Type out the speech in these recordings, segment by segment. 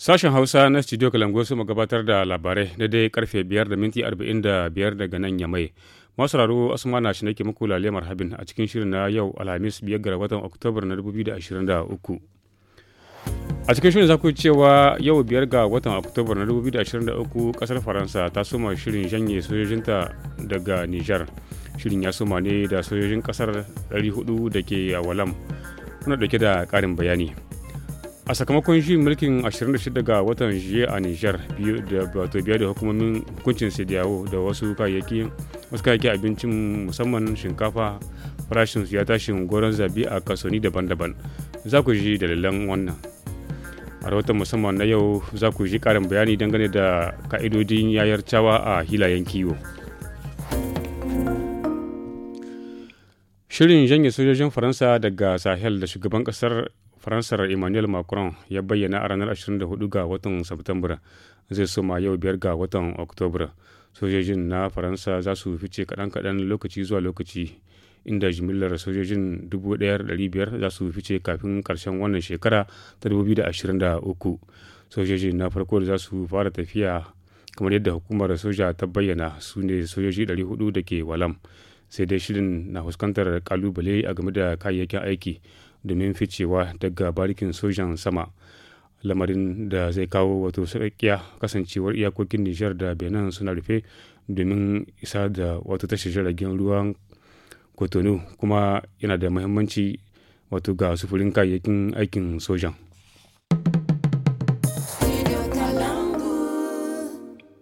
Sashen Hausa na Studio Kalango su gabatar da labarai na dai karfe 5 da minti 45 daga nan yamai. Masararo Asmana shi nake muku lalle habin a cikin shirin na yau Alhamis 5 ga watan Oktobar na 2023. A cikin shirin za ku cewa yau 5 ga watan Oktobar na 2023 kasar Faransa ta soma shirin janye sojojinta daga Nijar. Shirin ya soma ne da sojojin kasar 400 da ke a Walam. Kuna dauke da karin bayani. a sakamakon shi mulkin 26 ga watan jiya a nijar biyu da wato biya da hukumomin hukuncin sediyawo da wasu kayayyaki wasu kayayyaki abincin musamman shinkafa farashin ya tashi goron zabi a kasoni daban-daban za ku ji dalilan wannan a rahoton musamman na yau za ku ji karin bayani dangane da ka'idodin yayar cawa a hilayen kiwo shirin janye sojojin faransa daga sahel da shugaban kasar faransar emmanuel macron ya bayyana a ranar 24 ga watan september zai soma yau biyar ga watan oktobar sojojin na faransa za su fice kaɗan-kaɗan lokaci zuwa lokaci inda jimillar sojojin 1,500 za su fice kafin karshen wannan shekara ta 2023 sojojin na farko da za su fara tafiya kamar yadda hukumar soja ta bayyana su ne sojoji 400 da ke walam sai dai shirin na fuskantar kalubale a game da kayayyakin aiki domin ficewa daga barikin sojan sama lamarin da zai kawo wato sarakiya kasancewar iyakokin nijar da benin suna rufe domin isa da wato tashar jiragen ruwan kotonu kuma yana da muhimmanci wato ga sufurin kayayyakin aikin sojan.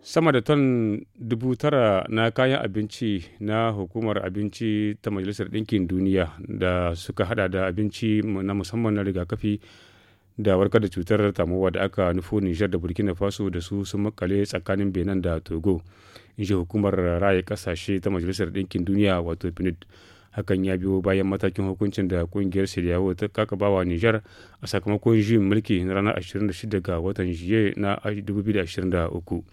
sama da ton dubu tara na kayan abinci na hukumar abinci ta majalisar ɗinkin duniya da suka hada da abinci na musamman na rigakafi da warkar da cutar tamowa da aka nufo nijar da burkina faso da su sun makale tsakanin benin da togo in ji hukumar raye kasashe ta majalisar ɗinkin duniya wato pinid hakan ya biyo bayan matakin hukuncin da kungiyar siriyawo ta kakabawa nijar a sakamakon juyin mulki na ranar 26 ga watan jiye na 2023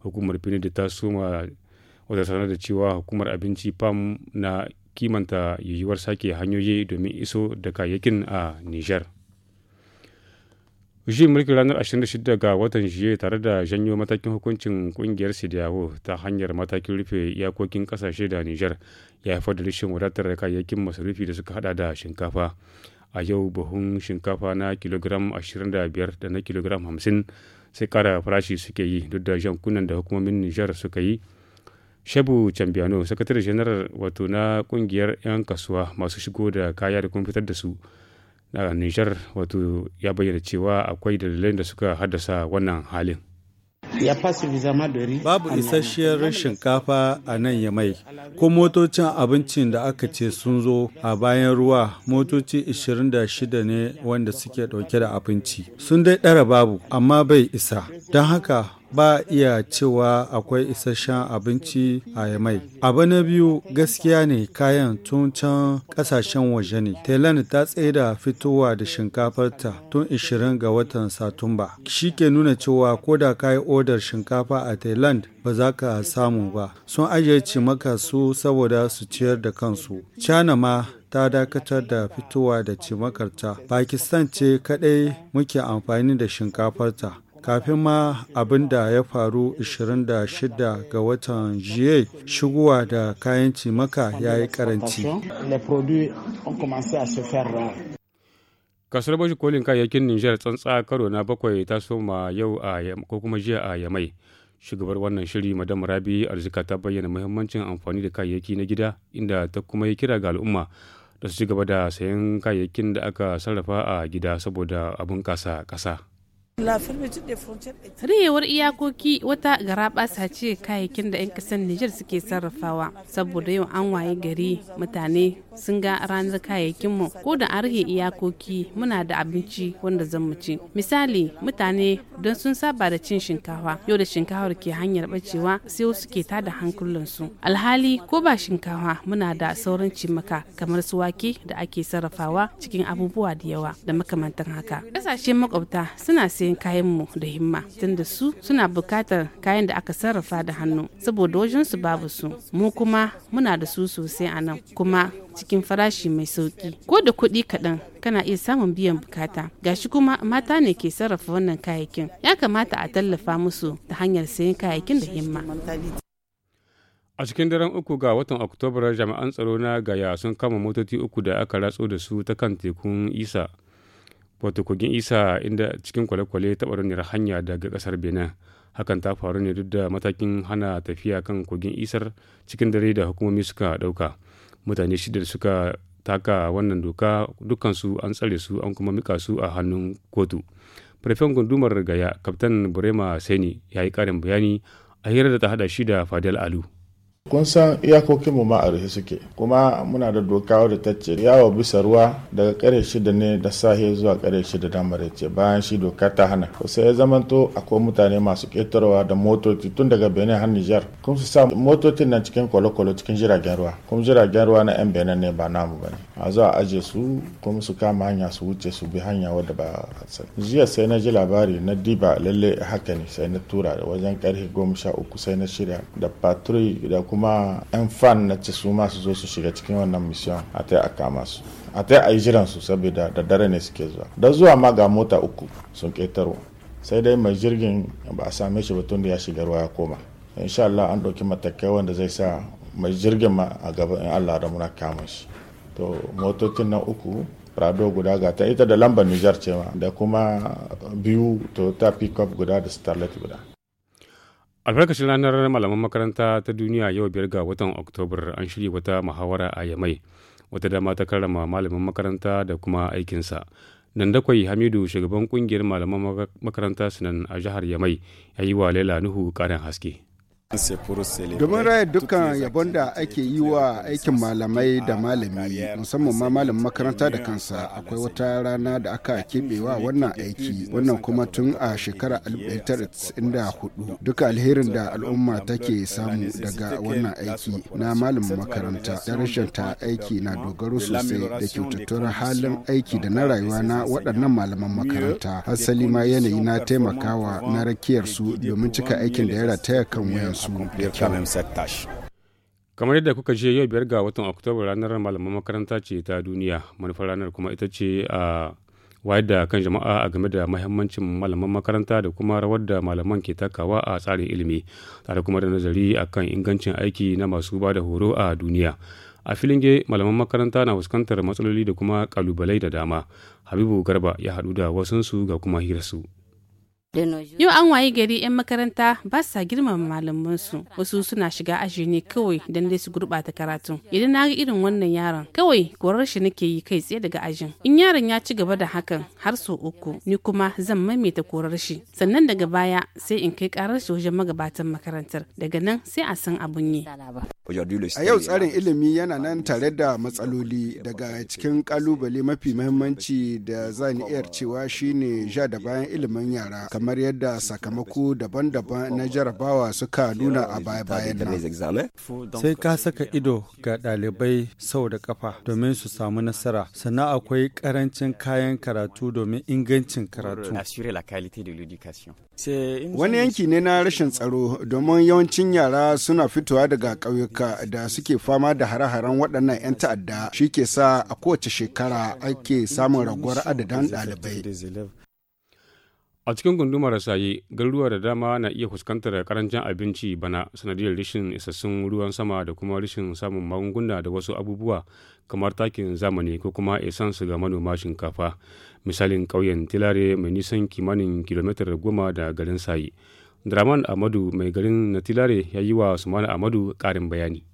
hukumar finidi ta suma wata sanar da cewa hukumar abinci fam na kimanta yiwuwar sake hanyoyi domin iso da kayayyakin a nijar juyin mulkin ranar 26 ga watan jiye tare da janyo matakin hukuncin kungiyar sidiyawo ta hanyar matakin rufe iyakokin kasashe da nijar ya haifar da rashin wadatar kayayyakin masarufi da suka hada da shinkafa a yau buhun shinkafa na kilogram 25 da na kilogram 50 sai kara farashi suke yi duk da jankunan da hukumomin nijar suka yi shabu cambiano sakatare general wato na kungiyar 'yan kasuwa masu shigo da kaya da kuma fitar da su na nijar wato ya bayyana cewa akwai dalilan da suka haddasa wannan halin Babu isasshiyar shinkafa a nan ya mai ko motocin abincin da aka ce sun zo a bayan ruwa motoci 26 ne wanda suke dauke da abinci. Sun dai ɗara babu, amma bai isa. Don haka ba iya cewa akwai isasshen abinci a yamai abu na biyu gaskiya ne kayan tun can kasashen waje ne thailand ta tsaida fitowa da shinkafarta tun 20 ga watan satumba shi ke nuna cewa ko da ka yi odar shinkafa a thailand ba za ka samu ba sun ajiye maka su saboda su ciyar da kansu china ma ta dakatar da fitowa da cimakarta pakistan ce kadai muke amfani da shinkafarta kafin ma abin da ya faru 26 ga watan jiye shigowa da kayan cimaka ya yi karanci kasar bashi kolin kayayyakin nijar tsantsa karo na bakwai ta soma yau a ko kuma jiya a yamai shugabar wannan shiri madam rabi arzika ta bayyana muhimmancin amfani da kayayyaki na gida inda ta kuma yi kira ga al'umma da su ci gaba da sayan kayayyakin da aka sarrafa a gida saboda abin kasa kasa Rayewar iyakoki wata sa ce kayayyakin da 'yan ƙasar Nijar suke sarrafawa saboda yau an waye gari mutane sun ga ranar kayayyakinmu ko da an rage iyakoki muna da abinci wanda zan mu ci. Misali mutane don sun saba da cin shinkafa yau da shinkafar ke hanyar bacewa sai wasu ke da hankulansu. Alhali ko ba shinkafa muna da sauran cimaka kamar su wake da ake sarrafawa cikin abubuwa da yawa da makamantan haka. ƙasashen makwabta suna sai matsayin kayanmu da himma tunda su suna bukatar kayan da aka sarrafa da hannu saboda wajen su babu su mu kuma muna da su sosai a nan kuma cikin farashi mai sauki ko da kuɗi kaɗan kana iya samun biyan bukata gashi kuma mata ne ke sarrafa wannan kayayyakin ya kamata a tallafa musu ta hanyar sayan kayayyakin da himma a cikin daren uku ga watan oktobar jami'an tsaro na gaya sun kama motoci uku da aka ratso da su ta kan tekun isa wato kogin isa inda cikin kwale-kwale ta barauniyar hanya daga ƙasar benin hakan ta faru ne duk da matakin hana tafiya kan kogin isar cikin dare da hukumomi suka ɗauka mutane shida suka taka wannan doka dukansu an tsare su an kuma mika su a hannun kotu farfen gundumar gaya kaftan burema seni ya yi karin bayani a hirar da ta hada shi da fadel alu kun san iyakokin mu ma a rufe suke kuma muna da doka da ta ce yawo bisa ruwa daga kare shida ne da sahe zuwa kare shida da maraice bayan shi doka ta hana sai ya zamanto akwai mutane masu ketarwa da motoci tun daga benin har nijar kun su sa motocin nan cikin kwalokwalo cikin jiragen ruwa kuma jiragen ruwa na yan benin ne ba namu ba ne a zuwa aje su kuma su kama hanya su wuce su bi hanya wadda ba sani jiya sai na ji labari na diba lalle haka ne sai na tura wajen karfe goma sha uku sai na shirya da patrol da kuma kuma 'yan fan na ci su ma su zo su shiga cikin wannan mission a ta a kama a ta a yi jiran su saboda da dare ne suke zuwa da zuwa ma ga mota uku sun ketaro sai dai mai jirgin ba a same shi ba tun da ya shiga ruwa ya koma insha Allah an ɗauki matakai wanda zai sa mai jirgin ma a gaban in Allah da muna kama shi to motocin na uku rado guda ga ta ita da lambar Nijar ce ma da kuma biyu Toyota pickup guda da Starlet guda albarkacin ranar malaman makaranta ta duniya yau biyar ga watan oktobar an shirya wata muhawara a yamai wata dama ta karrama malamin makaranta da kuma aikinsa nan da dakwai hamidu shugaban kungiyar malaman makaranta sunan a jihar yamai ya yi wa laila nuhu karin haske domin raya dukkan yabon da ake yi wa aikin malamai da malami musamman ma malamin makaranta da kansa akwai wata rana da aka keɓewa wannan aiki wannan kuma tun a shekara 1994 duka alherin da al'umma take samu daga wannan aiki na malamin makaranta rashin ta aiki na dogaro sosai da kyautattuwar halin aiki da na rayuwa na waɗannan malaman makaranta asali ma yanayi na taimakawa na rakiyarsu domin cika aikin da ya rataya kan wayansu su quand même cette kamar yadda kuka je yau biyar ga watan oktoba ranar malaman makaranta ce ta duniya manufar ranar kuma ita ce a wayar da kan jama'a a game da mahimmancin malaman makaranta da kuma rawar da malaman ke takawa a tsarin ilimi tare kuma da nazari akan ingancin aiki na masu ba da horo a duniya a filin ge malaman makaranta na fuskantar matsaloli da kuma kalubalai da dama habibu garba ya haɗu da wasansu ga kuma hirarsu Yau an waye gari 'yan makaranta ba sa girmama malamansu wasu suna shiga aji ne kawai don dai su gurɓata karatu Idan na ga irin wannan yaron kawai korar shi nake yi kai tsaye daga ajin. In yaron ya ci gaba da hakan har sau uku ni kuma zan maimaita korar shi. Sannan daga baya sai in kai karar shi wajen magabatan makarantar daga nan sai a san abun yi. A yau tsarin ilimi yana nan tare da matsaloli daga cikin kalubale mafi muhimmanci da zan iya cewa shine ja da bayan ilimin yara. kamar yadda sakamako daban-daban na jarabawa suka nuna a baya-bayan nan. Sai ka saka ido ga ɗalibai sau da kafa domin su samu nasara. Sannan akwai karancin kayan karatu domin ingancin karatu. Wani yanki ne na rashin tsaro domin yawancin yara suna fitowa daga ƙauyuka da suke fama da hare-haren waɗannan 'yan ta'adda shi ke sa a kowace shekara ake samun raguwar adadin ɗalibai. A cikin gundumar Saye, garuruwa da dama na iya fuskantar karancin abinci bana sanadiyar rashin isassun ruwan sama da kuma rashin samun magunguna da wasu abubuwa kamar takin zamani ko kuma su ga manoma shinkafa. Misalin ƙauyen Tilare mai nisan kimanin kilomitar goma da garin sayi Draman Amadu mai garin na Tilare ya yi wa Sumana Amadu ƙarin bayani.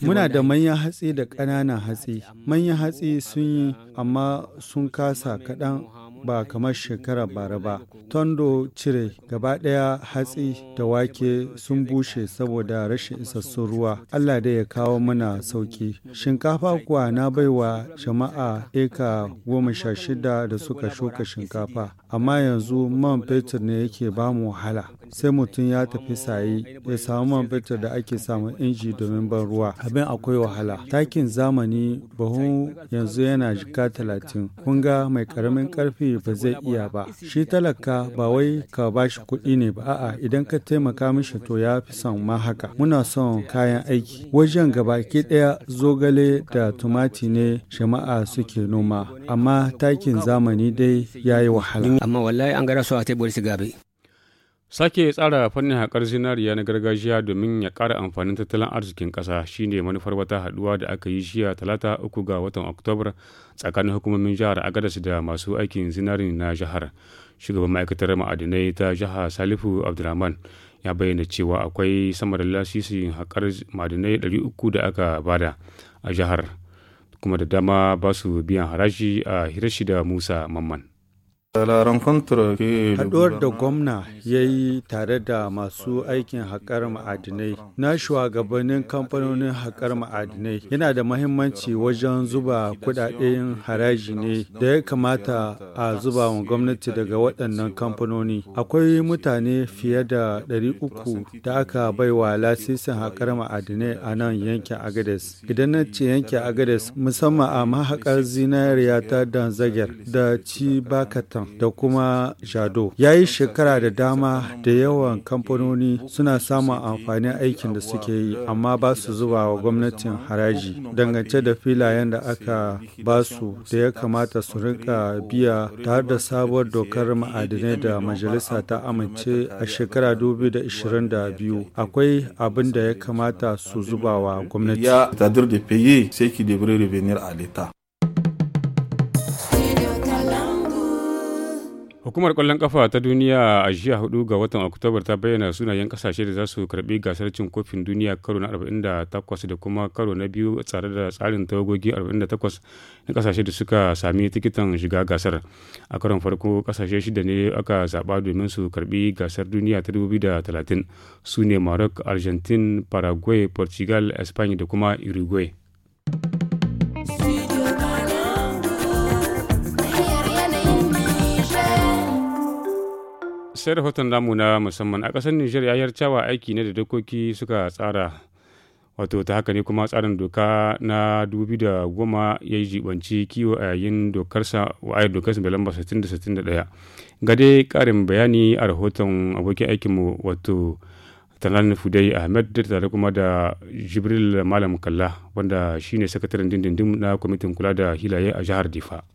Muna da manyan hatsi da ƙananan hatsi. Manyan hatsi sun yi amma sun kasa kaɗan ba kamar shekarar bara ba. Tondo cire gaba ɗaya hatsi da wake sun bushe saboda rashin isassun ruwa. Allah dai ya kawo mana sauki. Shinkafa kuwa na baiwa jama'a eka goma sha shida da suka shuka shinkafa. amma yanzu man fetur ne yake ba mu wahala sai mutum ya tafi sayi ya samu man fetur da ake samu inji domin ban ruwa abin akwai wahala takin zamani buhu yanzu yana jika talatin kunga mai karamin karfi ba zai iya ba shi talaka ba wai ka ba shi kuɗi ne ba a'a idan ka taimaka mishi to ya fi son ma haka muna son kayan aiki wajen gabaki ɗaya zogale da tumati ne jama'a suke noma amma takin zamani dai ya yi wahala amma wallahi an gara su a gabe. Sake tsara fannin haƙar zinariya na gargajiya domin ya ƙara amfanin tattalin arzikin ƙasa shine manufar wata haɗuwa da aka yi jiya talata uku ga watan Oktobar tsakanin hukumomin jihar Agadas da masu aikin zinari na jihar. Shugaban ma'aikatar ma'adinai ta jihar Salifu Abdulrahman ya bayyana cewa akwai sama da lasisin haƙar ma'adinai 300 da aka bada a jihar kuma da dama ba su biyan haraji a Hirashi da Musa Mamman. Haɗuwar da gwamna ya yi tare da masu aikin haƙar ma'adinai na shugabannin kamfanonin haƙar ma'adinai yana da mahimmanci wajen zuba kuɗaɗen haraji ne da ya kamata a zuba wa gwamnati daga waɗannan kamfanoni. Akwai mutane fiye da 300 da aka baiwa lasisin haƙar ma'adinai a nan yankin Agades. Idan na ce yankin Agades musamman a mahaƙar zinariya ta Danzager da Cibakatan da kuma Jado. Ya yi shekara da dama da yawan kamfanoni suna samun amfanin aikin da suke yi amma ba su zuba wa gwamnatin haraji dangance da filayen da aka ba su da ya kamata su rinka biya har da sabuwar dokar ma'adinai da majalisa ta amince a shekara 2022 akwai abin da ya kamata su zuba wa gwamnati. Hukumar kwallon kafa ta duniya a jiya hudu ga watan Oktobar ta bayyana sunayen ƙasashe da za su karɓi gasar cin kofin duniya karo na 48 da kuma karo na biyu tsare da tsarin tawagogi 48 na ƙasashe da suka sami tikitan shiga gasar. A karon farko kasashe shida ne aka zaɓa domin su karɓi gasar duniya ta 2030 su ne Maroc, Argentine, Paraguay, Portugal, espagne da kuma Uruguay. sai rahoton namu na musamman a ƙasar Nijar ya yarcawa aiki na da dokoki suka tsara wato ta haka ne kuma tsarin doka na dubi da goma ya yi jibanci kiwo a yayin dokarsa wa'ayar dokarsa mai lamba 60 da ga dai ƙarin bayani a rahoton abokin aikinmu wato talan fudai ahmed da tare kuma da jibril malam kalla wanda shine sakataren dindindin na kwamitin kula da hilaye a jihar difa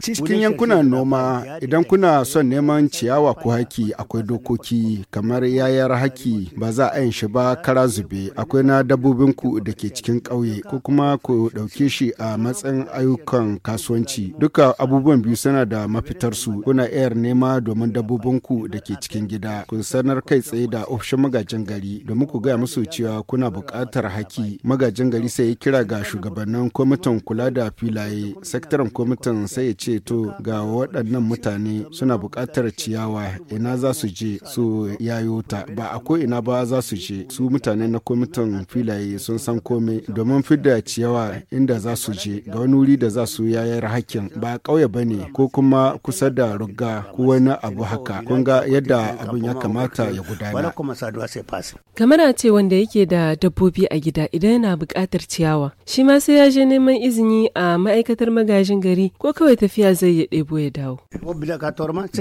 Cikin yankuna noma idan kuna son neman ciyawa ko haki akwai dokoki kamar yayar haki ba za a yin shi ba kara zube akwai na dabbobinku da ke cikin ƙauye ko kuma ku ɗauke shi a matsayin ayyukan kasuwanci duka abubuwan biyu suna da mafitarsu kuna 'yar nema domin dabbobinku da ke cikin gida ku sanar kai tsaye da ofishin magajin gari domin ku gaya musu cewa kuna buƙatar haki magajin gari sai ya kira ga shugabannin kwamitin kula da filaye sektar bangaren kwamitin sai ya ce to ga waɗannan mutane suna buƙatar ciyawa ina za su je su yayo ta ba a ko ina ba za su je su mutane na kwamitin filaye sun san komai domin fidda ciyawa inda za su je ga wani wuri da za su yayar hakkin ba ƙauye ba ne ko kuma kusa da rugga ko wani abu haka kun ga yadda abin ya kamata ya gudana. kamar a ce wanda yake da dabbobi a gida idan yana buƙatar ciyawa shi ma sai ya je neman izini a ma'aikatar magaji wajen gari ko kawai tafiya zai ya ɗebo ya dawo.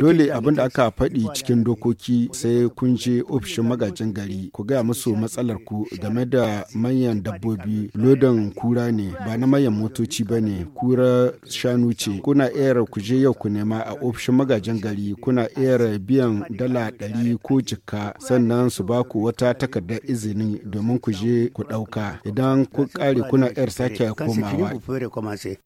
Dole abin da aka faɗi cikin dokoki sai kun je ofishin magajin gari ku gaya musu matsalar ku game da manyan dabbobi lodan kura ne ba na manyan motoci ba ne kura shanu ce kuna iya ku je yau ku nema a ofishin magajin gari kuna iya biyan dala ɗari ko jikka sannan su ba ku wata takardar izini domin ku je ku ɗauka idan ku ƙare kuna iya sake komawa.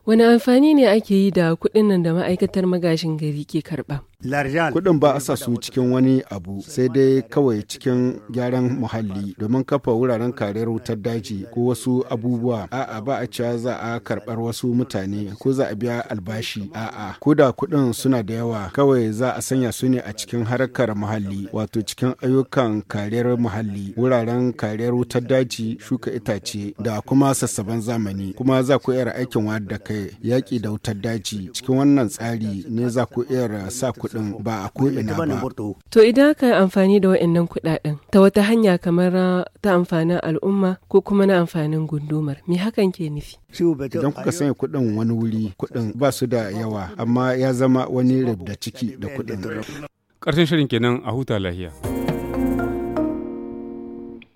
Wani amfani ne ake yi da kuɗin nan da ma'aikatar magashin gari ke karɓa? Kuɗin ba a sa su cikin wani abu sai dai kawai cikin gyaran muhalli domin kafa wuraren kariyar wutar daji ko wasu abubuwa. A'a ba a cewa za a karɓar wasu mutane ko za a biya albashi. A'a ko da kuɗin suna da yawa kawai za a sanya su ne a cikin harkar muhalli wato cikin ayyukan kariyar muhalli wuraren kariyar wutar daji shuka itace da kuma sassaban zamani kuma za ku iya aikin wadda kai yaƙi da wutar daji cikin wannan tsari ne za ku iya sa kuɗi ɗin ba a ko ina ba. To idan aka yi amfani da waɗannan kuɗaɗen ta wata hanya kamar ta amfanin al'umma ko kuma na amfanin gundumar me hakan ke nufi? Idan kuka sanya kuɗin wani wuri kuɗin ba su da yawa amma ya zama wani rabda ciki da kuɗin. Ƙarshen shirin kenan a huta lahiya.